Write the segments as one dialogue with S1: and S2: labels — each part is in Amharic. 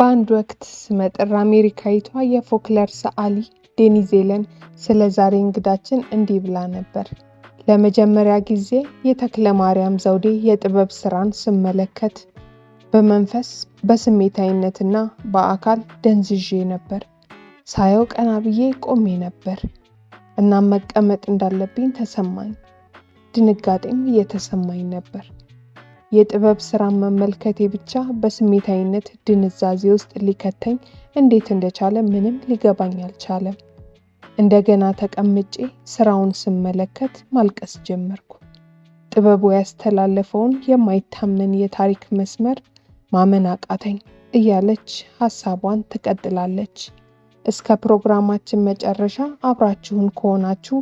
S1: በአንድ ወቅት ስመጥር አሜሪካዊቷ የፎክለር ሰዓሊ ዴኒ ዜለን ስለ ዛሬ እንግዳችን እንዲህ ብላ ነበር። ለመጀመሪያ ጊዜ የተክለ ማርያም ዘውዴ የጥበብ ስራን ስመለከት በመንፈስ በስሜታዊነትና በአካል ደንዝዤ ነበር። ሳየው ቀና ብዬ ቆሜ ነበር። እናም መቀመጥ እንዳለብኝ ተሰማኝ፣ ድንጋጤም እየተሰማኝ ነበር። የጥበብ ስራ መመልከቴ ብቻ በስሜታዊነት ድንዛዜ ውስጥ ሊከተኝ እንዴት እንደቻለ ምንም ሊገባኝ አልቻለም። እንደገና ተቀምጬ ስራውን ስመለከት ማልቀስ ጀመርኩ። ጥበቡ ያስተላለፈውን የማይታመን የታሪክ መስመር ማመን አቃተኝ እያለች ሀሳቧን ትቀጥላለች። እስከ ፕሮግራማችን መጨረሻ አብራችሁን ከሆናችሁ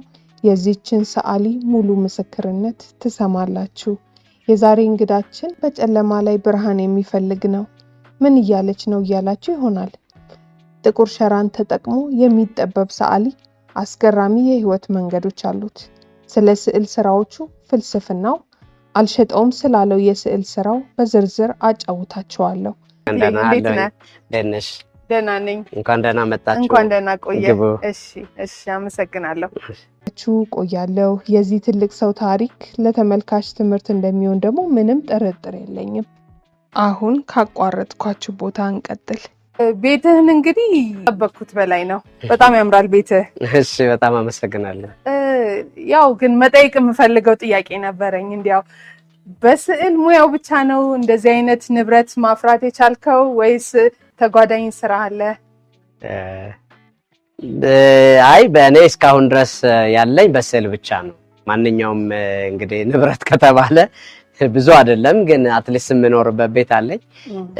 S1: የዚህችን ሰዓሊ ሙሉ ምስክርነት ትሰማላችሁ። የዛሬ እንግዳችን በጨለማ ላይ ብርሃን የሚፈልግ ነው። ምን እያለች ነው እያላችሁ ይሆናል። ጥቁር ሸራን ተጠቅሞ የሚጠበብ ሰዓሊ አስገራሚ የህይወት መንገዶች አሉት። ስለ ስዕል ስራዎቹ ፍልስፍናው አልሸጠውም ስላለው የስዕል ስራው በዝርዝር አጫውታቸዋለሁ። ደህና ነኝ።
S2: እንኳን ደህና መጣችሁ።
S1: እንኳን ደህና ቆየ። እሺ፣ እሺ፣ አመሰግናለሁ። ቆያለሁ። የዚህ ትልቅ ሰው ታሪክ ለተመልካች ትምህርት እንደሚሆን ደግሞ ምንም ጥርጥር የለኝም። አሁን ካቋረጥኳችሁ ቦታ እንቀጥል። ቤትህን እንግዲህ ጠበቅኩት በላይ ነው። በጣም ያምራል ቤትህ።
S2: እሺ፣ በጣም አመሰግናለሁ።
S1: ያው ግን መጠየቅ የምፈልገው ጥያቄ ነበረኝ እንዲያው በስዕል ሙያው ብቻ ነው እንደዚህ አይነት ንብረት ማፍራት የቻልከው ወይስ ተጓዳኝ ስራ አለ?
S2: አይ በእኔ እስካሁን ድረስ ያለኝ በስዕል ብቻ ነው። ማንኛውም እንግዲህ ንብረት ከተባለ ብዙ አይደለም፣ ግን አትሊስት የምኖርበት ቤት አለኝ።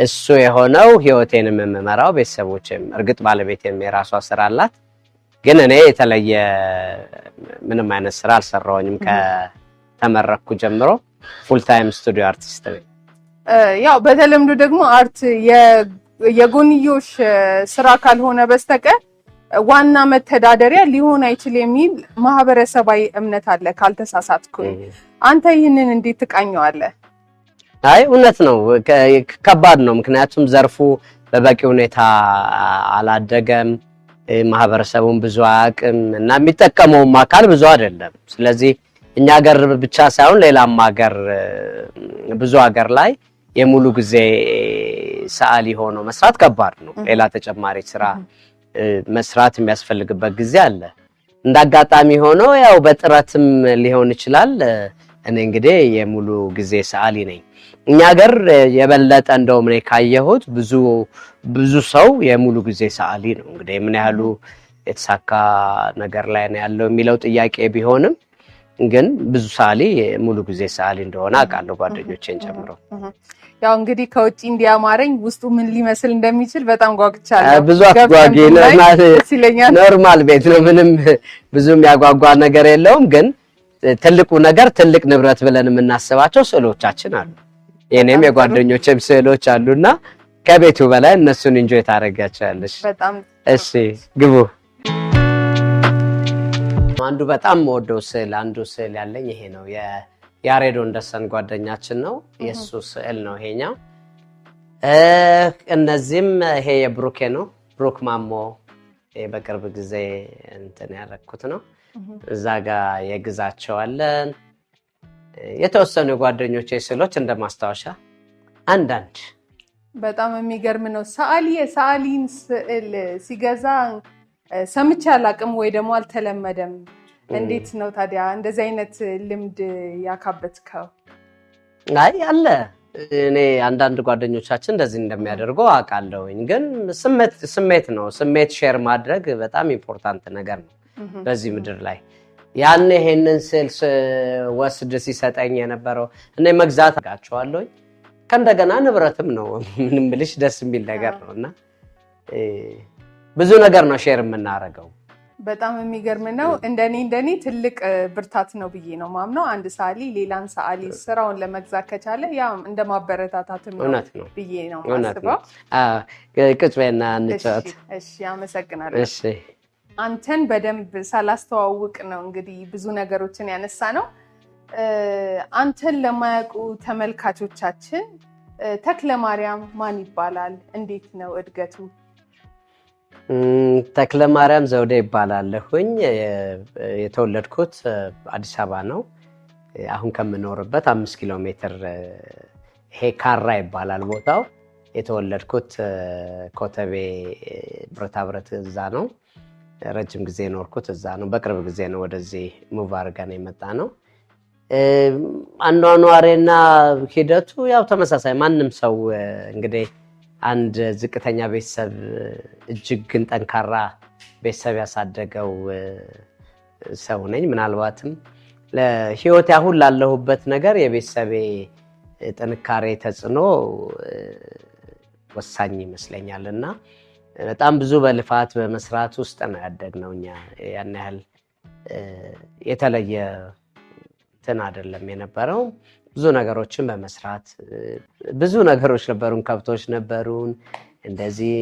S2: እሱ የሆነው ህይወቴንም የምመራው ቤተሰቦችም፣ እርግጥ ባለቤቴም የራሷ ስራ አላት፣ ግን እኔ የተለየ ምንም አይነት ስራ አልሰራውኝም ከተመረኩ ጀምሮ። ፉልታይም ስቱዲዮ አርቲስት ነኝ።
S1: ያው በተለምዶ ደግሞ አርት የጎንዮሽ ስራ ካልሆነ በስተቀር ዋና መተዳደሪያ ሊሆን አይችል የሚል ማህበረሰባዊ እምነት አለ። ካልተሳሳትኩኝ አንተ ይህንን እንዴት ትቃኘዋለህ?
S2: አይ እውነት ነው፣ ከባድ ነው። ምክንያቱም ዘርፉ በበቂ ሁኔታ አላደገም፣ ማህበረሰቡን ብዙ አያውቅም እና የሚጠቀመውም አካል ብዙ አይደለም። ስለዚህ እኛ ሀገር ብቻ ሳይሆን ሌላም ሀገር ብዙ ሀገር ላይ የሙሉ ጊዜ ሰዓሊ ሆኖ መስራት ከባድ ነው። ሌላ ተጨማሪ ስራ መስራት የሚያስፈልግበት ጊዜ አለ። እንደ አጋጣሚ ሆኖ ያው በጥረትም ሊሆን ይችላል። እኔ እንግዲህ የሙሉ ጊዜ ሰዓሊ ነኝ። እኛ ሀገር የበለጠ እንደውም እኔ ካየሁት ብዙ ብዙ ሰው የሙሉ ጊዜ ሰዓሊ ነው። እንግዲህ ምን ያህሉ የተሳካ ነገር ላይ ነው ያለው የሚለው ጥያቄ ቢሆንም ግን ብዙ ሰዓሊ ሙሉ ጊዜ ሰዓሊ እንደሆነ አውቃለሁ ጓደኞቼን ጨምሮ።
S1: ያው እንግዲህ ከውጭ እንዲያማረኝ ውስጡ ምን ሊመስል እንደሚችል በጣም ጓጉቻለሁ።
S2: ብዙ አጓጊ ኖርማል ቤት ነው። ምንም ብዙም ያጓጓ ነገር የለውም። ግን ትልቁ ነገር ትልቅ ንብረት ብለን የምናስባቸው ስዕሎቻችን አሉ። የኔም የጓደኞቼም ስዕሎች አሉና ከቤቱ በላይ እነሱን እንጆይ ታደርጋቸዋለሽ። እሺ ግቡ። አንዱ በጣም መወደው ስዕል አንዱ ስዕል ያለኝ ይሄ ነው። ያሬድ ወንደሰን ጓደኛችን ነው። የእሱ ስዕል ነው ይሄኛው። እነዚህም ይሄ የብሩኬ ነው። ብሩክ ማሞ በቅርብ ጊዜ እንትን ያደረግኩት ነው። እዛ ጋር የግዛቸው አለን። የተወሰኑ የጓደኞች ስዕሎች እንደ ማስታወሻ አንዳንድ
S1: በጣም የሚገርም ነው። ሰዓሊ የሰዓሊን ስዕል ሲገዛ ሰምቼ አላቅም ወይ ደግሞ አልተለመደም። እንዴት ነው ታዲያ እንደዚህ አይነት ልምድ ያካበትከው?
S2: አይ አለ። እኔ አንዳንድ ጓደኞቻችን እንደዚህ እንደሚያደርገው አውቃለሁኝ። ግን ስሜት ነው ስሜት ሼር ማድረግ በጣም ኢምፖርታንት ነገር ነው በዚህ ምድር ላይ ያን ይሄንን ስል ወስድ ሲሰጠኝ የነበረው እኔ መግዛት አጋቸዋለሁኝ ከእንደገና ንብረትም ነው ምንም ብልሽ ደስ የሚል ነገር ነው እና ብዙ ነገር ነው ሼር የምናደርገው
S1: በጣም የሚገርም ነው። እንደኔ እንደኔ ትልቅ ብርታት ነው ብዬ ነው ማምነው። አንድ ሰዓሊ ሌላን ሰዓሊ ስራውን ለመግዛት ከቻለ ያ እንደ ማበረታታትም ነው ብዬ ነው
S2: ማስበው። ቅጽ በይና እንጫወት።
S1: እሺ፣ አመሰግናለሁ። አንተን በደንብ ሳላስተዋውቅ ነው እንግዲህ ብዙ ነገሮችን ያነሳ ነው። አንተን ለማያውቁ ተመልካቾቻችን ተክለ ማርያም ማን ይባላል? እንዴት ነው እድገቱ?
S2: ተክለ ማርያም ዘውዴ ይባላለሁኝ። የተወለድኩት አዲስ አበባ ነው። አሁን ከምኖርበት አምስት ኪሎ ሜትር ይሄ ካራ ይባላል ቦታው። የተወለድኩት ኮተቤ ብረታብረት እዛ ነው። ረጅም ጊዜ ኖርኩት እዛ ነው። በቅርብ ጊዜ ነው ወደዚህ ሙቭ አድርገን የመጣ ነው። አኗኗሬና ሂደቱ ያው ተመሳሳይ ማንም ሰው እንግዲህ አንድ ዝቅተኛ ቤተሰብ እጅግ ግን ጠንካራ ቤተሰብ ያሳደገው ሰው ነኝ። ምናልባትም ለህይወት አሁን ላለሁበት ነገር የቤተሰቤ ጥንካሬ ተጽዕኖ ወሳኝ ይመስለኛል እና በጣም ብዙ በልፋት በመስራት ውስጥ ነው ያደግነው። እኛ ያን ያህል የተለየ እንትን አይደለም የነበረው። ብዙ ነገሮችን በመስራት ብዙ ነገሮች ነበሩን። ከብቶች ነበሩን፣ እንደዚህ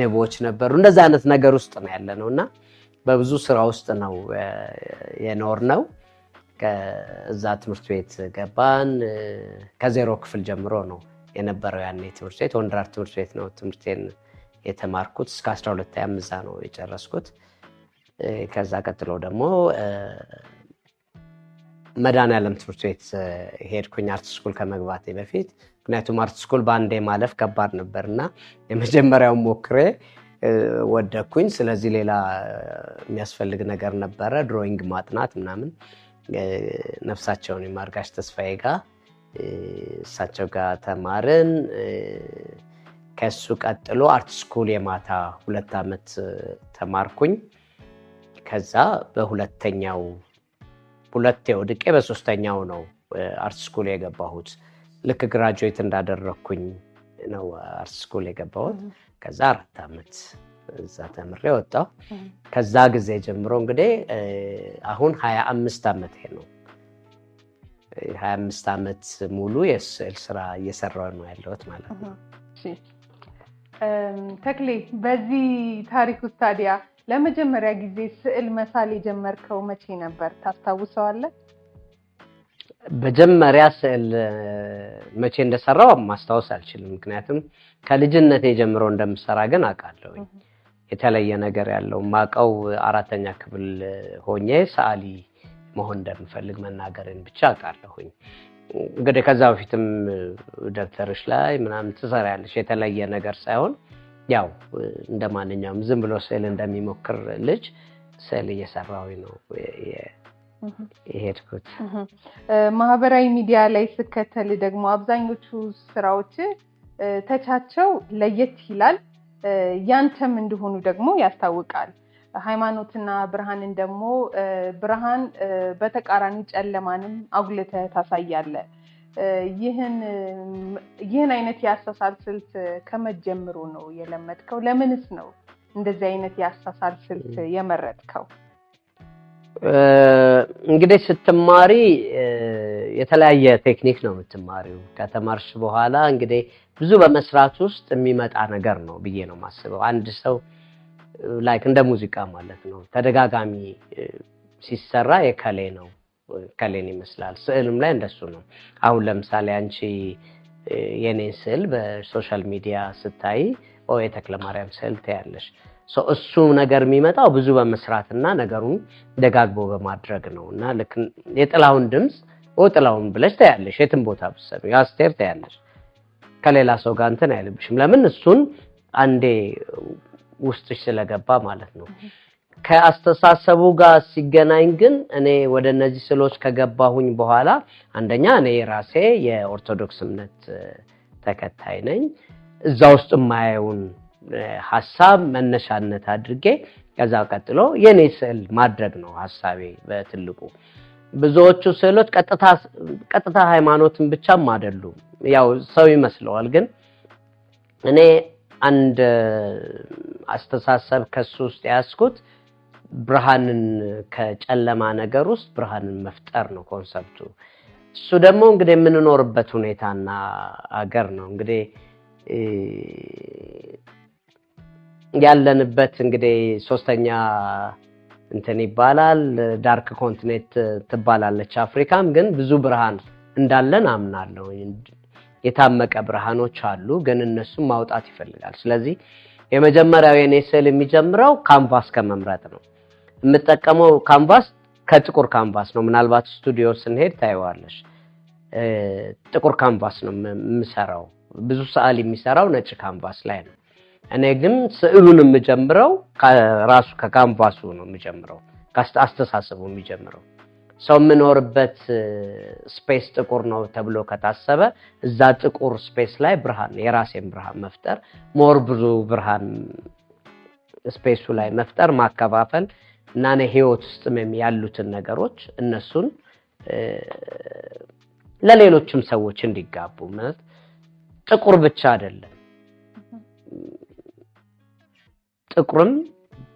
S2: ንቦች ነበሩ። እንደዚህ አይነት ነገር ውስጥ ነው ያለ ነው እና በብዙ ስራ ውስጥ ነው የኖር ነው። ከዛ ትምህርት ቤት ገባን። ከዜሮ ክፍል ጀምሮ ነው የነበረው ያኔ ትምህርት ቤት ወንድራር ትምህርት ቤት ነው ትምህርቴን የተማርኩት እስከ 12 ያምዛ ነው የጨረስኩት። ከዛ ቀጥሎ ደግሞ መድኃኒዓለም ትምህርት ቤት ሄድኩኝ አርት ስኩል ከመግባቴ በፊት። ምክንያቱም አርት ስኩል በአንዴ ማለፍ ከባድ ነበር እና የመጀመሪያውን ሞክሬ ወደኩኝ። ስለዚህ ሌላ የሚያስፈልግ ነገር ነበረ፣ ድሮይንግ ማጥናት ምናምን። ነፍሳቸውን የማርጋሽ ተስፋዬ ጋር እሳቸው ጋር ተማርን። ከሱ ቀጥሎ አርት ስኩል የማታ ሁለት ዓመት ተማርኩኝ። ከዛ በሁለተኛው ሁለቴ ወድቄ በሶስተኛው ነው አርት ስኩል የገባሁት። ልክ ግራጁዌት እንዳደረግኩኝ ነው አርት ስኩል የገባሁት። ከዛ አራት ዓመት እዛ ተምሬ ወጣው ከዛ ጊዜ ጀምሮ እንግዲህ አሁን ሀያ አምስት ዓመቴ ነው። ሀያ አምስት ዓመት ሙሉ የስዕል ስራ እየሰራው ነው ያለሁት ማለት ነው።
S1: ተክሌ በዚህ ታሪክ ውስጥ ታዲያ ለመጀመሪያ ጊዜ ስዕል መሳል የጀመርከው መቼ ነበር? ታስታውሰዋለህ?
S2: መጀመሪያ ስዕል መቼ እንደሰራው ማስታወስ አልችልም። ምክንያቱም ከልጅነቴ ጀምሮ እንደምሰራ ግን አውቃለሁ። የተለየ ነገር ያለው ማቀው አራተኛ ክፍል ሆኜ ሰዓሊ መሆን እንደምፈልግ መናገርን ብቻ አውቃለሁኝ። እንግዲህ ከዛ በፊትም ደብተርሽ ላይ ምናምን ትሰሪያለሽ የተለየ ነገር ሳይሆን ያው እንደ ማንኛውም ዝም ብሎ ስዕል እንደሚሞክር ልጅ ስዕል እየሰራዊ ነው የሄድኩት።
S1: ማህበራዊ ሚዲያ ላይ ስከተል ደግሞ አብዛኞቹ ስራዎች ተቻቸው ለየት ይላል፣ ያንተም እንደሆኑ ደግሞ ያስታውቃል። ሃይማኖትና ብርሃንን ደግሞ ብርሃን በተቃራኒ ጨለማንም አጉልተህ ታሳያለህ። ይህን አይነት የአሳሳል ስልት ከመጀመሩ ነው የለመድከው? ለምንስ ነው እንደዚህ አይነት የአሳሳል ስልት የመረጥከው?
S2: እንግዲህ ስትማሪ የተለያየ ቴክኒክ ነው የምትማሪው። ከተማርሽ በኋላ እንግዲህ ብዙ በመስራት ውስጥ የሚመጣ ነገር ነው ብዬ ነው የማስበው። አንድ ሰው ላይክ እንደ ሙዚቃ ማለት ነው ተደጋጋሚ ሲሰራ የከሌ ነው ከሌን ይመስላል። ስዕልም ላይ እንደሱ ነው። አሁን ለምሳሌ አንቺ የኔን ስዕል በሶሻል ሚዲያ ስታይ ማርያም ስዕል ትያለሽ። እሱ ነገር የሚመጣው ብዙ በመስራትና ነገሩን ደጋግቦ በማድረግ ነው እና የጥላውን ድምፅ ጥላውን ብለሽ ታያለሽ። የትም ቦታ ብትሰሚው አስቴር ታያለሽ። ከሌላ ሰው ጋር እንትን አይልብሽም። ለምን እሱን አንዴ ውስጥሽ ስለገባ ማለት ነው። ከአስተሳሰቡ ጋር ሲገናኝ ግን እኔ ወደ እነዚህ ስዕሎች ከገባሁኝ በኋላ አንደኛ እኔ ራሴ የኦርቶዶክስ እምነት ተከታይ ነኝ። እዛ ውስጥ የማየውን ሀሳብ መነሻነት አድርጌ ከዛ ቀጥሎ የእኔ ስዕል ማድረግ ነው ሀሳቤ በትልቁ። ብዙዎቹ ስዕሎች ቀጥታ ሃይማኖትን ብቻም አይደሉም። ያው ሰው ይመስለዋል፣ ግን እኔ አንድ አስተሳሰብ ከሱ ውስጥ ያስኩት ብርሃንን ከጨለማ ነገር ውስጥ ብርሃንን መፍጠር ነው ኮንሰብቱ። እሱ ደግሞ እንግዲህ የምንኖርበት ሁኔታና አገር ነው እንግዲህ ያለንበት እንግዲህ ሶስተኛ እንትን ይባላል ዳርክ ኮንቲኔንት ትባላለች አፍሪካም። ግን ብዙ ብርሃን እንዳለን አምናለሁ። የታመቀ ብርሃኖች አሉ፣ ግን እነሱም ማውጣት ይፈልጋል። ስለዚህ የመጀመሪያው የኔ ስዕል የሚጀምረው ካንቫስ ከመምረጥ ነው። የምጠቀመው ካንቫስ ከጥቁር ካንቫስ ነው። ምናልባት ስቱዲዮ ስንሄድ ታየዋለሽ። ጥቁር ካንቫስ ነው የምሰራው። ብዙ ሰዓሊ የሚሰራው ነጭ ካንቫስ ላይ ነው። እኔ ግን ስዕሉን የምጀምረው ራሱ ከካንቫሱ ነው የምጀምረው፣ አስተሳሰቡ የሚጀምረው ሰው የምኖርበት ስፔስ ጥቁር ነው ተብሎ ከታሰበ እዛ ጥቁር ስፔስ ላይ ብርሃን የራሴን ብርሃን መፍጠር ሞር ብዙ ብርሃን ስፔሱ ላይ መፍጠር ማከፋፈል እና እኔ ህይወት ውስጥም ያሉትን ነገሮች እነሱን ለሌሎችም ሰዎች እንዲጋቡ ማለት ጥቁር ብቻ አይደለም፣ ጥቁርም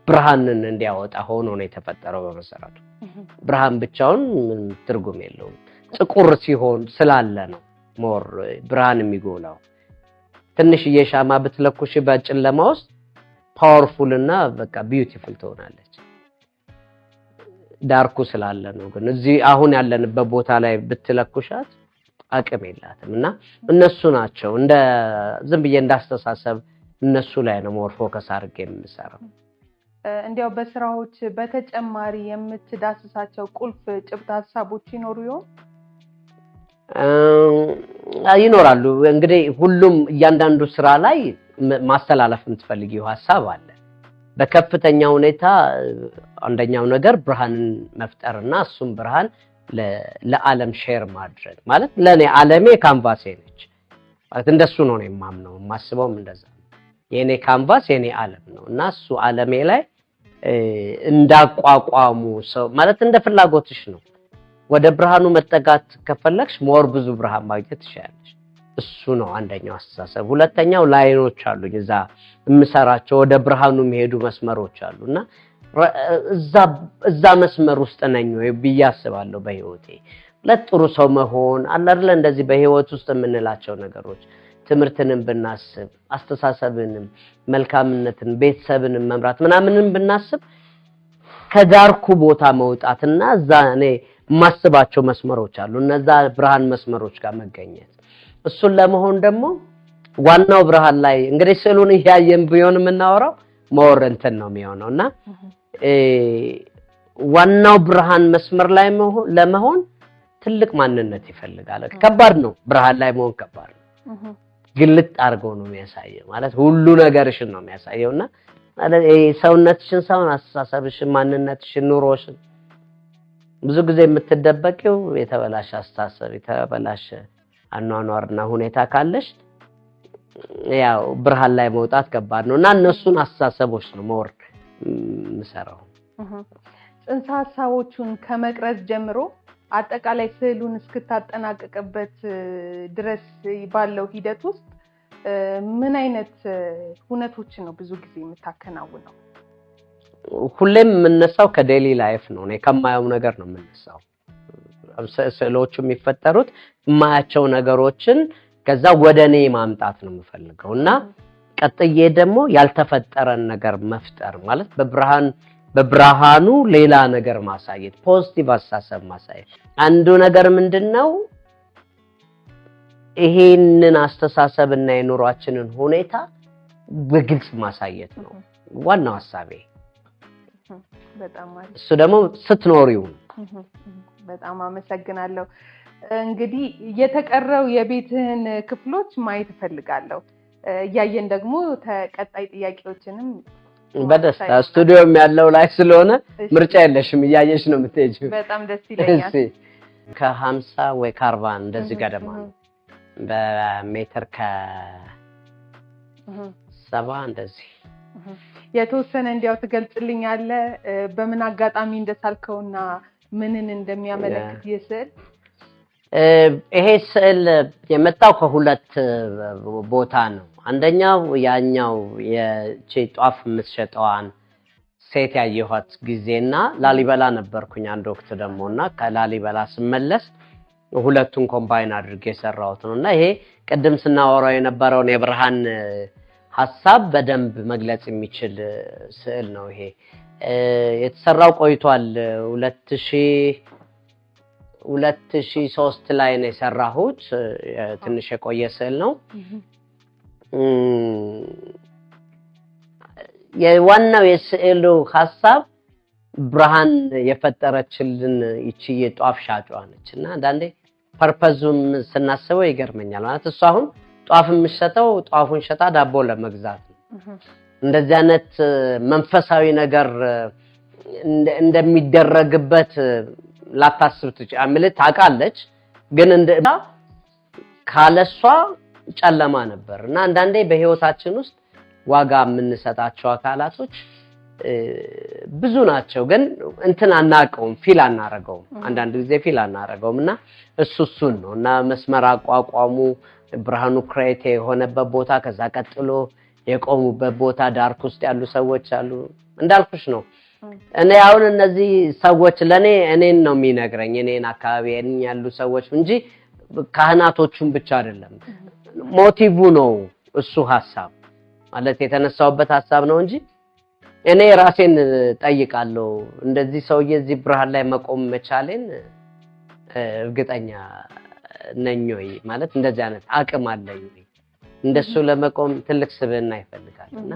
S2: ብርሃንን እንዲያወጣ ሆኖ ነው የተፈጠረው። በመሰረቱ ብርሃን ብቻውን ትርጉም የለውም። ጥቁር ሲሆን ስላለ ነው ሞር ብርሃን የሚጎላው። ትንሽዬ ሻማ ብትለኩሽ በጨለማ ውስጥ ፓወርፉል እና በቃ ቢዩቲፉል ትሆናለች። ዳርኩ ስላለ ነው። ግን እዚህ አሁን ያለንበት ቦታ ላይ ብትለኩሻት አቅም የላትም እና እነሱ ናቸው እንደ ዝም ብዬ እንዳስተሳሰብ እነሱ ላይ ነው ሞር ፎከስ አድርጌ የምሰራው።
S1: እንዲያው በስራዎች በተጨማሪ የምትዳስሳቸው ቁልፍ ጭብጥ ሀሳቦች ይኖሩ ይሆን?
S2: ይኖራሉ። እንግዲህ ሁሉም እያንዳንዱ ስራ ላይ ማስተላለፍ የምትፈልጊው ሀሳብ አለ በከፍተኛ ሁኔታ አንደኛው ነገር ብርሃንን መፍጠር እና እሱም ብርሃን ለዓለም ሼር ማድረግ ማለት ለእኔ ዓለሜ ካንቫሴ ነች ማለት እንደሱ ነው ነው የማምነው የማስበውም እንደዛ የእኔ ካንቫስ የእኔ ዓለም ነው እና እሱ ዓለሜ ላይ እንዳቋቋሙ ሰው ማለት እንደ ፍላጎትሽ ነው። ወደ ብርሃኑ መጠጋት ከፈለግሽ ሞር ብዙ ብርሃን ማግኘት ትችላለሽ። እሱ ነው አንደኛው አስተሳሰብ። ሁለተኛው ላይኖች አሉኝ እዛ የምሰራቸው ወደ ብርሃኑ የሚሄዱ መስመሮች አሉ እና እዛ መስመር ውስጥ ነኝ ወይ ብዬ አስባለሁ በህይወቴ። ለጥሩ ጥሩ ሰው መሆን አላርለ እንደዚህ በህይወት ውስጥ የምንላቸው ነገሮች ትምህርትንም ብናስብ አስተሳሰብንም፣ መልካምነትን፣ ቤተሰብንም መምራት ምናምንም ብናስብ ከዳርኩ ቦታ መውጣትና እዛ እኔ የማስባቸው መስመሮች አሉ እነዛ ብርሃን መስመሮች ጋር መገኘት እሱን ለመሆን ደግሞ ዋናው ብርሃን ላይ እንግዲህ ስዕሉን እያየን ቢሆን የምናወራው መወር እንትን ነው የሚሆነው እና ዋናው ብርሃን መስመር ላይ ለመሆን ትልቅ ማንነት ይፈልጋል። ከባድ ነው፣ ብርሃን ላይ መሆን ከባድ ነው። ግልጥ አድርጎ ነው የሚያሳየው ማለት ሁሉ ነገርሽን ነው የሚያሳየው እና ሰውነትሽን ሰውን አስተሳሰብሽን፣ ማንነትሽን፣ ኑሮሽን ብዙ ጊዜ የምትደበቂው የተበላሸ አስተሳሰብ የተበላሸ አኗኗርና ሁኔታ ካለሽ ያው ብርሃን ላይ መውጣት ከባድ ነው እና እነሱን አስተሳሰቦች ነው መወርድ የምሰራው።
S1: ጽንሰ ሀሳቦቹን ከመቅረጽ ጀምሮ አጠቃላይ ስዕሉን እስክታጠናቀቅበት ድረስ ባለው ሂደት ውስጥ ምን አይነት ሁነቶችን ነው ብዙ ጊዜ የምታከናውነው?
S2: ሁሌም የምነሳው ከዴሊ ላይፍ ነው። እኔ ከማየው ነገር ነው የምነሳው። ስዕሎቹ የሚፈጠሩት የማያቸው ነገሮችን ከዛ ወደ እኔ ማምጣት ነው የምፈልገው እና ቀጥዬ ደግሞ ያልተፈጠረን ነገር መፍጠር ማለት በብርሃን በብርሃኑ ሌላ ነገር ማሳየት፣ ፖዚቲቭ አስተሳሰብ ማሳየት። አንዱ ነገር ምንድን ነው? ይሄንን አስተሳሰብ እና የኑሯችንን ሁኔታ በግልጽ ማሳየት ነው ዋናው ሀሳቤ። እሱ ደግሞ ስትኖሪው
S1: በጣም አመሰግናለሁ። እንግዲህ የተቀረው የቤትህን ክፍሎች ማየት እፈልጋለሁ። እያየን ደግሞ ተቀጣይ ጥያቄዎችንም
S2: በደስታ ስቱዲዮም ያለው ላይ ስለሆነ ምርጫ የለሽም፣ እያየሽ ነው የምትሄጂው።
S1: በጣም ደስ ይለኛል።
S2: ከሀምሳ ወይ ከአርባ እንደዚህ ገደማ ነው በሜትር ከሰባ እንደዚህ
S1: የተወሰነ እንዲያው ትገልጽልኛለህ በምን አጋጣሚ እንደሳልከውና ምንን እንደሚያመለክት ይህ ስዕል?
S2: ይሄ ስዕል የመጣው ከሁለት ቦታ ነው። አንደኛው ያኛው የቺ ጧፍ የምትሸጠዋን ሴት ያየኋት ጊዜና ላሊበላ ነበርኩኝ አንድ ወቅት ደግሞ እና ከላሊበላ ስመለስ ሁለቱን ኮምባይን አድርጌ የሰራሁት ነው እና ይሄ ቅድም ስናወራው የነበረውን የብርሃን ሀሳብ በደንብ መግለጽ የሚችል ስዕል ነው ይሄ የተሰራው ቆይቷል። ሁለት ሺህ ሁለት ሺህ ሶስት ላይ ነው የሰራሁት። ትንሽ የቆየ ስዕል ነው። የዋናው የስዕሉ ሀሳብ ብርሃን የፈጠረችልን ይቺ የጧፍ ሻጯ ነች እና አንዳንዴ ፐርፐዙም ስናስበው ይገርመኛል። ማለት እሱ አሁን ጧፍ የምሸጠው ጧፉን ሸጣ ዳቦ ለመግዛት ነው እንደዚህ አይነት መንፈሳዊ ነገር እንደሚደረግበት ላታስብ ትችላለች። ታውቃለች፣ ግን ካለሷ ጨለማ ነበር እና አንዳንዴ በህይወታችን ውስጥ ዋጋ የምንሰጣቸው አካላቶች ብዙ ናቸው፣ ግን እንትን አናቀውም፣ ፊል አናረገውም፣ አንዳንድ ጊዜ ፊል አናረገውም እና እሱ እሱን ነው እና መስመር አቋቋሙ ብርሃኑ ክሬቴ የሆነበት ቦታ ከዛ ቀጥሎ የቆሙበት ቦታ ዳርክ ውስጥ ያሉ ሰዎች አሉ። እንዳልኩሽ ነው። እኔ አሁን እነዚህ ሰዎች ለእኔ እኔን ነው የሚነግረኝ እኔን አካባቢ ያሉ ሰዎች እንጂ ካህናቶቹን ብቻ አይደለም። ሞቲቭ ነው እሱ ሀሳብ ማለት የተነሳውበት ሀሳብ ነው እንጂ እኔ ራሴን ጠይቃለሁ። እንደዚህ ሰውዬ እዚህ ብርሃን ላይ መቆም መቻሌን እርግጠኛ ነኝ ወይ ማለት እንደዚህ አይነት አቅም አለኝ እንደሱ ለመቆም ትልቅ ስብዕና ይፈልጋል እና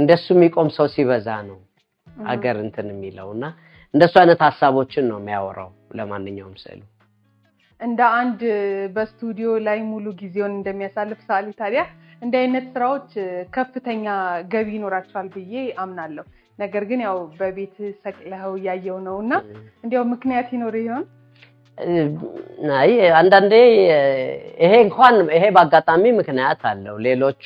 S2: እንደሱ የሚቆም ሰው ሲበዛ ነው አገር እንትን የሚለው እና እንደሱ አይነት ሀሳቦችን ነው የሚያወራው። ለማንኛውም ስዕሉ
S1: እንደ አንድ በስቱዲዮ ላይ ሙሉ ጊዜውን እንደሚያሳልፍ ሰዓሊ ታዲያ እንዲህ አይነት ስራዎች ከፍተኛ ገቢ ይኖራቸዋል ብዬ አምናለሁ። ነገር ግን ያው በቤት ሰቅለኸው እያየው ነው እና እንዲያው ምክንያት ይኖር ይሆን?
S2: አይ አንዳንዴ ይሄ እንኳን ይሄ በአጋጣሚ ምክንያት አለው። ሌሎቹ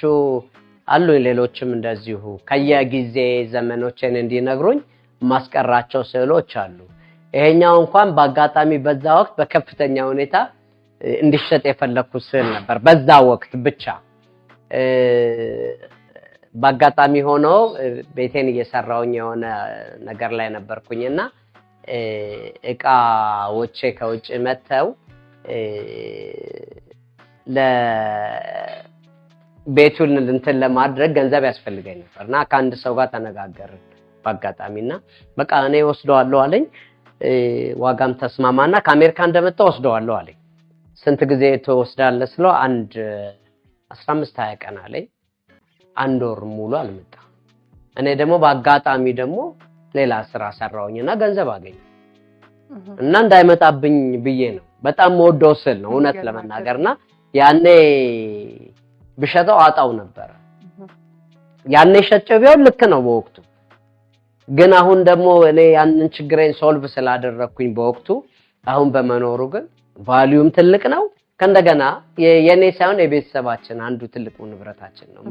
S2: አሉኝ ሌሎችም እንደዚሁ ከየጊዜ ዘመኖችን እንዲነግሩኝ ማስቀራቸው ስዕሎች አሉ። ይሄኛው እንኳን በአጋጣሚ በዛ ወቅት በከፍተኛ ሁኔታ እንዲሸጥ የፈለግኩት ስዕል ነበር። በዛ ወቅት ብቻ በአጋጣሚ ሆኖ ቤቴን እየሰራውኝ የሆነ ነገር ላይ ነበርኩኝና እቃዎቼ ከውጭ መጥተው ለቤቱን እንትን ለማድረግ ገንዘብ ያስፈልገኝ ነበር እና ከአንድ ሰው ጋር ተነጋገርን በአጋጣሚ እና በቃ እኔ ወስደዋለሁ አለኝ። ዋጋም ተስማማ እና ከአሜሪካ እንደመጣ ወስደዋለሁ አለኝ። ስንት ጊዜ ትወስዳለህ ስለው አንድ አስራ አምስት ሀያ ቀን አለኝ። አንድ ወር ሙሉ አልመጣም። እኔ ደግሞ በአጋጣሚ ደግሞ ሌላ ስራ ሰራውኝና እና ገንዘብ አገኘ እና እንዳይመጣብኝ ብዬ ነው። በጣም መወደው ስል ነው እውነት ለመናገር ያኔ ብሸጠው አጣው ነበረ። ያኔ ሸጬው ቢሆን ልክ ነው በወቅቱ ግን አሁን ደግሞ እኔ ያንን ችግሬን ሶልቭ ስላደረግኩኝ በወቅቱ አሁን በመኖሩ ግን ቫሊዩም ትልቅ ነው። ከእንደገና የኔ ሳይሆን የቤተሰባችን አንዱ ትልቁ ንብረታችን ነው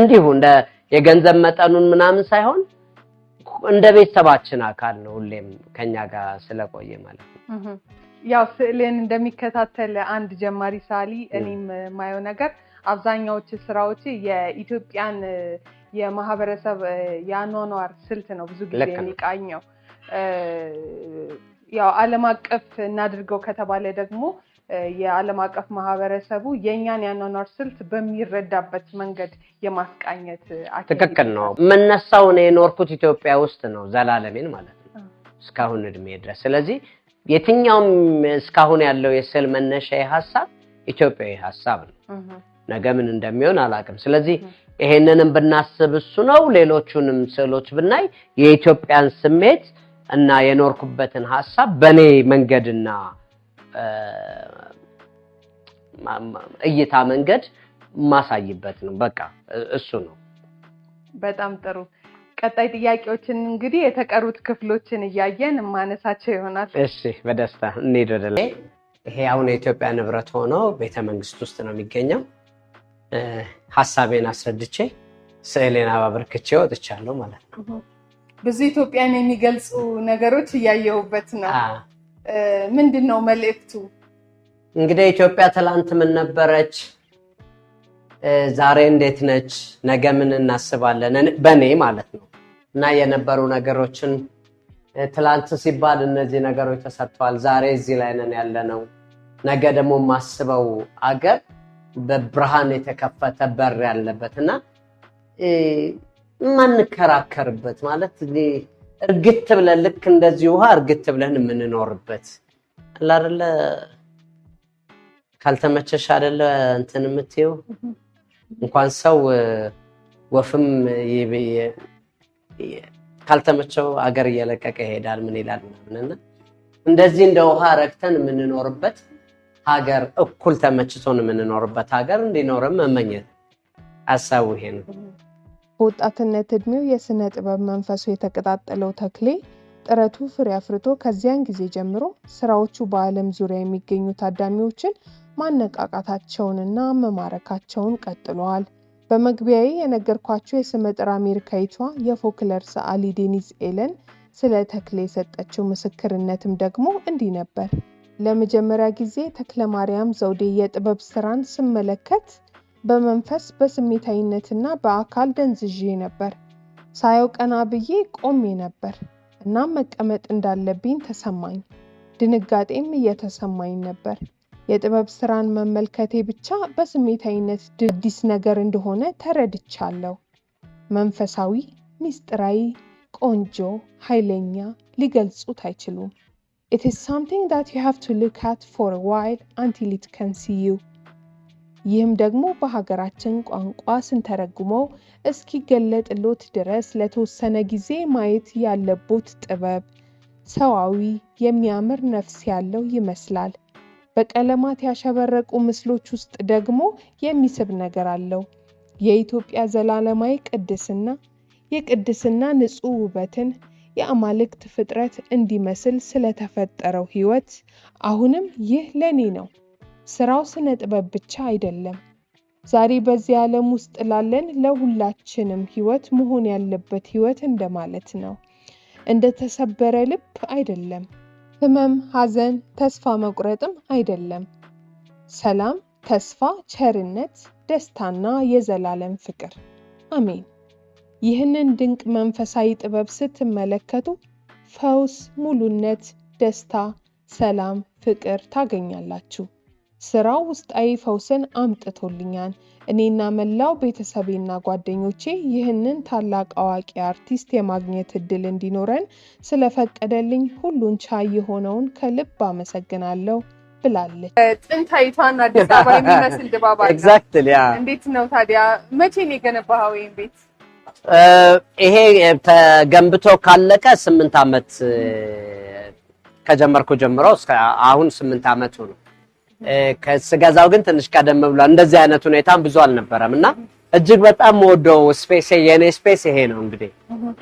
S2: እንዲሁ እንደ የገንዘብ መጠኑን ምናምን ሳይሆን እንደ ቤተሰባችን አካል ነው። ሁሌም ከኛ ጋር ስለቆየ ማለት ነው።
S1: ያው ስዕልን እንደሚከታተል አንድ ጀማሪ ሳሊ እኔም የማየው ነገር አብዛኛዎች ስራዎች የኢትዮጵያን የማህበረሰብ የአኗኗር ስልት ነው ብዙ ጊዜ የሚቃኘው። ያው ዓለም አቀፍ እናድርገው ከተባለ ደግሞ የዓለም አቀፍ ማህበረሰቡ የእኛን ያኗኗር ስልት በሚረዳበት መንገድ የማስቃኘት
S2: ትክክል ነው። የምነሳውን የኖርኩት ኢትዮጵያ ውስጥ ነው ዘላለሜን ማለት ነው እስካሁን እድሜ ድረስ። ስለዚህ የትኛውም እስካሁን ያለው የስዕል መነሻ ሀሳብ ኢትዮጵያዊ ሀሳብ ነው። ነገ ምን እንደሚሆን አላውቅም። ስለዚህ ይሄንንም ብናስብ እሱ ነው። ሌሎቹንም ስዕሎች ብናይ የኢትዮጵያን ስሜት እና የኖርኩበትን ሀሳብ በእኔ መንገድና እይታ መንገድ ማሳይበት ነው። በቃ እሱ ነው።
S1: በጣም ጥሩ። ቀጣይ ጥያቄዎችን እንግዲህ የተቀሩት ክፍሎችን እያየን ማነሳቸው ይሆናል።
S2: እሺ፣ በደስታ እንሄድ ወደ ላይ። ይሄ አሁን የኢትዮጵያ ንብረት ሆኖ ቤተ መንግስት ውስጥ ነው የሚገኘው። ሀሳቤን አስረድቼ ስዕሌን አባብርክቼ ወጥቻለሁ ማለት ነው።
S1: ብዙ ኢትዮጵያን የሚገልጹ ነገሮች እያየሁበት ነው። ምንድን ነው መልእክቱ?
S2: እንግዲህ ኢትዮጵያ ትላንት ምን ነበረች? ዛሬ እንዴት ነች? ነገ ምን እናስባለን? በእኔ ማለት ነው እና የነበሩ ነገሮችን ትላንት ሲባል እነዚህ ነገሮች ተሰርተዋል። ዛሬ እዚህ ላይ ነን ያለነው። ነገ ደግሞ ማስበው አገር በብርሃን የተከፈተ በር ያለበት እና ማንከራከርበት ማለት እርግት ብለን ልክ እንደዚህ ውሃ እርግት ብለን የምንኖርበት አላደለ ካልተመቸሽ አይደለ እንትን የምትየው እንኳን ሰው ወፍም ካልተመቸው አገር እየለቀቀ ይሄዳል። ምን ይላል ምናምንና እንደዚህ እንደ ውሃ ረግተን የምንኖርበት ሀገር እኩል ተመችቶን የምንኖርበት ሀገር እንዲኖርም መመኘት ሀሳቡ ይሄ ነው።
S1: በወጣትነት ዕድሜው የሥነ ጥበብ መንፈሱ የተቀጣጠለው ተክሌ ጥረቱ ፍሬ አፍርቶ ከዚያን ጊዜ ጀምሮ ስራዎቹ በዓለም ዙሪያ የሚገኙ ታዳሚዎችን ማነቃቃታቸውንና መማረካቸውን ቀጥለዋል። በመግቢያዬ የነገርኳቸው የስመጥር አሜሪካዊቷ የፎክለር ሰዓሊ ዴኒዝ ኤለን ስለ ተክሌ የሰጠችው ምስክርነትም ደግሞ እንዲህ ነበር። ለመጀመሪያ ጊዜ ተክለ ማርያም ዘውዴ የጥበብ ስራን ስመለከት በመንፈስ በስሜታዊነትና በአካል ደንዝዤ ነበር። ሳየው ቀና ብዬ ቆሜ ነበር። እናም መቀመጥ እንዳለብኝ ተሰማኝ። ድንጋጤም እየተሰማኝ ነበር። የጥበብ ስራን መመልከቴ ብቻ በስሜታዊነት አዲስ ነገር እንደሆነ ተረድቻለሁ። መንፈሳዊ፣ ሚስጥራዊ፣ ቆንጆ፣ ኃይለኛ ሊገልጹት አይችሉም። ኢት ኢዝ ሳምቲንግ ዳት ዩ ሃቭ ቱ ሉክ አት ፎር ዋይል አንቲል ኢት ከን ሲ ዩ ይህም ደግሞ በሀገራችን ቋንቋ ስንተረጉመው እስኪገለጥሎት ድረስ ለተወሰነ ጊዜ ማየት ያለቦት ጥበብ ሰዋዊ የሚያምር ነፍስ ያለው ይመስላል። በቀለማት ያሸበረቁ ምስሎች ውስጥ ደግሞ የሚስብ ነገር አለው። የኢትዮጵያ ዘላለማዊ ቅድስና የቅድስና ንጹሕ ውበትን የአማልክት ፍጥረት እንዲመስል ስለተፈጠረው ሕይወት አሁንም ይህ ለእኔ ነው ስራው ስነ ጥበብ ብቻ አይደለም። ዛሬ በዚህ ዓለም ውስጥ ላለን ለሁላችንም ህይወት መሆን ያለበት ህይወት እንደማለት ነው። እንደ ተሰበረ ልብ አይደለም። ህመም፣ ሐዘን፣ ተስፋ መቁረጥም አይደለም። ሰላም፣ ተስፋ፣ ቸርነት፣ ደስታና የዘላለም ፍቅር። አሜን። ይህንን ድንቅ መንፈሳዊ ጥበብ ስትመለከቱ ፈውስ፣ ሙሉነት፣ ደስታ፣ ሰላም፣ ፍቅር ታገኛላችሁ። ስራው ውስጣዊ ፈውስን አምጥቶልኛል። እኔና መላው ቤተሰቤና ጓደኞቼ ይህንን ታላቅ አዋቂ አርቲስት የማግኘት እድል እንዲኖረን ስለፈቀደልኝ ሁሉን ቻይ የሆነውን ከልብ አመሰግናለሁ ብላለች። ጥንታዊቷን አዲስ አበባ የሚመስል ድባብ አለ። እንዴት ነው ታዲያ? መቼ ነው የገነባኸው ቤት?
S2: ይሄ ተገንብቶ ካለቀ ስምንት ዓመት ከጀመርኩ ጀምሮ አሁን ስምንት ዓመቱ ነው። ከስገዛው ግን ትንሽ ቀደም ብሏል። እንደዚህ አይነት ሁኔታም ብዙ አልነበረም እና እጅግ በጣም ወደው ስፔስ የኔ ስፔስ ይሄ ነው እንግዲህ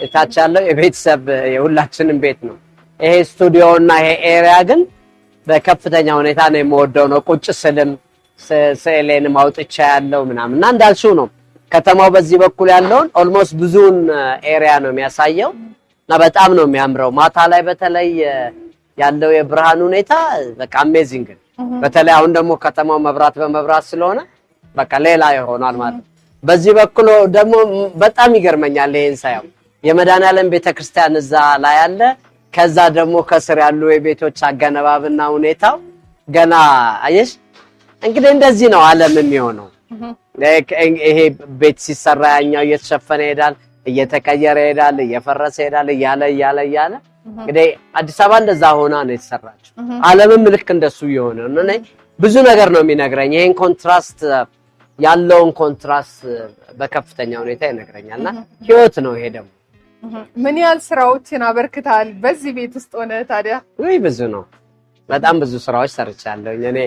S2: እታች ያለው የቤተሰብ የሁላችንም ቤት ነው። ይሄ ስቱዲዮ እና ይሄ ኤሪያ ግን በከፍተኛ ሁኔታ ነው የምወደው ነው። ቁጭ ስልም ስዕሌንም ማውጥቻ ያለው ምናምን እና እንዳልሽው ነው ከተማው በዚህ በኩል ያለውን ኦልሞስት ብዙውን ኤሪያ ነው የሚያሳየው እና በጣም ነው የሚያምረው። ማታ ላይ በተለይ ያለው የብርሃን ሁኔታ በቃ አሜዚንግ በተለይ አሁን ደግሞ ከተማው መብራት በመብራት ስለሆነ በቃ ሌላ ይሆናል ማለት ነው። በዚህ በኩል ደግሞ በጣም ይገርመኛል ይሄን ሳየው የመድኃኔዓለም ቤተክርስቲያን እዛ ላይ አለ። ከዛ ደግሞ ከስር ያሉ የቤቶች አገነባብና ሁኔታው ገና አየሽ እንግዲህ እንደዚህ ነው ዓለም የሚሆነው። ይሄ ቤት ሲሰራ ያኛው እየተሸፈነ ይሄዳል። እየተቀየረ ይሄዳል፣ እየፈረሰ ይሄዳል እያለ እያለ እያለ እንግዲህ አዲስ አበባ እንደዛ ሆና ነው የተሰራችው። ዓለምም ልክ እንደሱ የሆነ ነው። ብዙ ነገር ነው የሚነግረኝ። ይሄን ኮንትራስት ያለውን ኮንትራስት በከፍተኛ ሁኔታ ይነግረኛል። እና ህይወት ነው ይሄ ደግሞ
S1: ምን ያህል ስራዎችን አበርክታል በዚህ ቤት ውስጥ ሆነ ታዲያ?
S2: ውይ ብዙ ነው። በጣም ብዙ ስራዎች ሰርቻለሁ። እኔ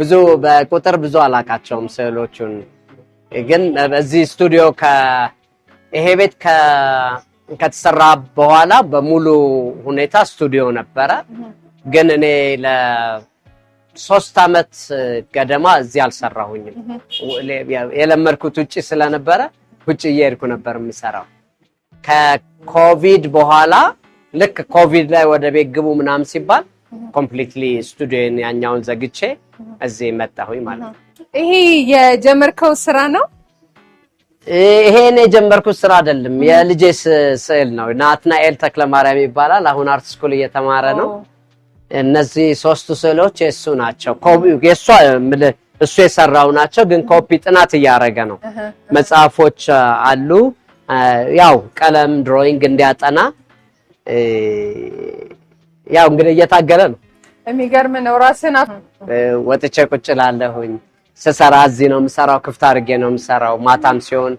S2: ብዙ በቁጥር ብዙ አላቃቸውም ስዕሎቹን ግን በዚህ ስቱዲዮ ይሄ ቤት ከተሰራ በኋላ በሙሉ ሁኔታ ስቱዲዮ ነበረ። ግን እኔ ለሶስት አመት ገደማ እዚህ አልሰራሁኝም። የለመድኩት ውጭ ስለነበረ ውጭ እየሄድኩ ነበር የምሰራው። ከኮቪድ በኋላ ልክ ኮቪድ ላይ ወደ ቤት ግቡ ምናምን ሲባል ኮምፕሊትሊ ስቱዲዮን ያኛውን ዘግቼ እዚህ መጣሁኝ ማለት ነው።
S1: ይሄ የጀመርከው ስራ ነው?
S2: ይሄን የጀመርኩት ስራ አይደለም፣ የልጄ ስዕል ነው። ናትናኤል ማርያም ይባላል። አሁን አርት ስኩል እየተማረ ነው። እነዚህ ሶስቱ ስዕሎች የእሱ ናቸው። እሱ የሰራው ናቸው፣ ግን ኮፒ ጥናት እያደረገ ነው። መጽሐፎች አሉ። ያው ቀለም ድሮይንግ እንዲያጠና ያው እንግዲህ እየታገለ ነው።
S1: የሚገርም ነው። ራስን
S2: ወጥቼ ቁጭ ስሰራ እዚህ ነው የምሰራው፣ ክፍት አድርጌ ነው የምሰራው። ማታም ሲሆን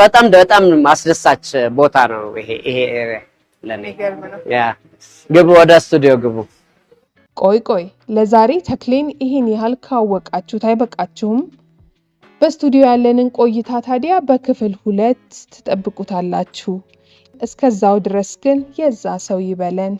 S2: በጣም በጣም ማስደሳች ቦታ ነው ይሄ ይሄ ኤሪያ ለኔ። ያ ግቡ፣ ወደ ስቱዲዮ ግቡ።
S1: ቆይ ቆይ፣ ለዛሬ ተክሌን ይህን ያህል ካወቃችሁት አይበቃችሁም? በስቱዲዮ ያለንን ቆይታ ታዲያ በክፍል ሁለት ትጠብቁታላችሁ። እስከዛው ድረስ ግን የዛ ሰው ይበለን።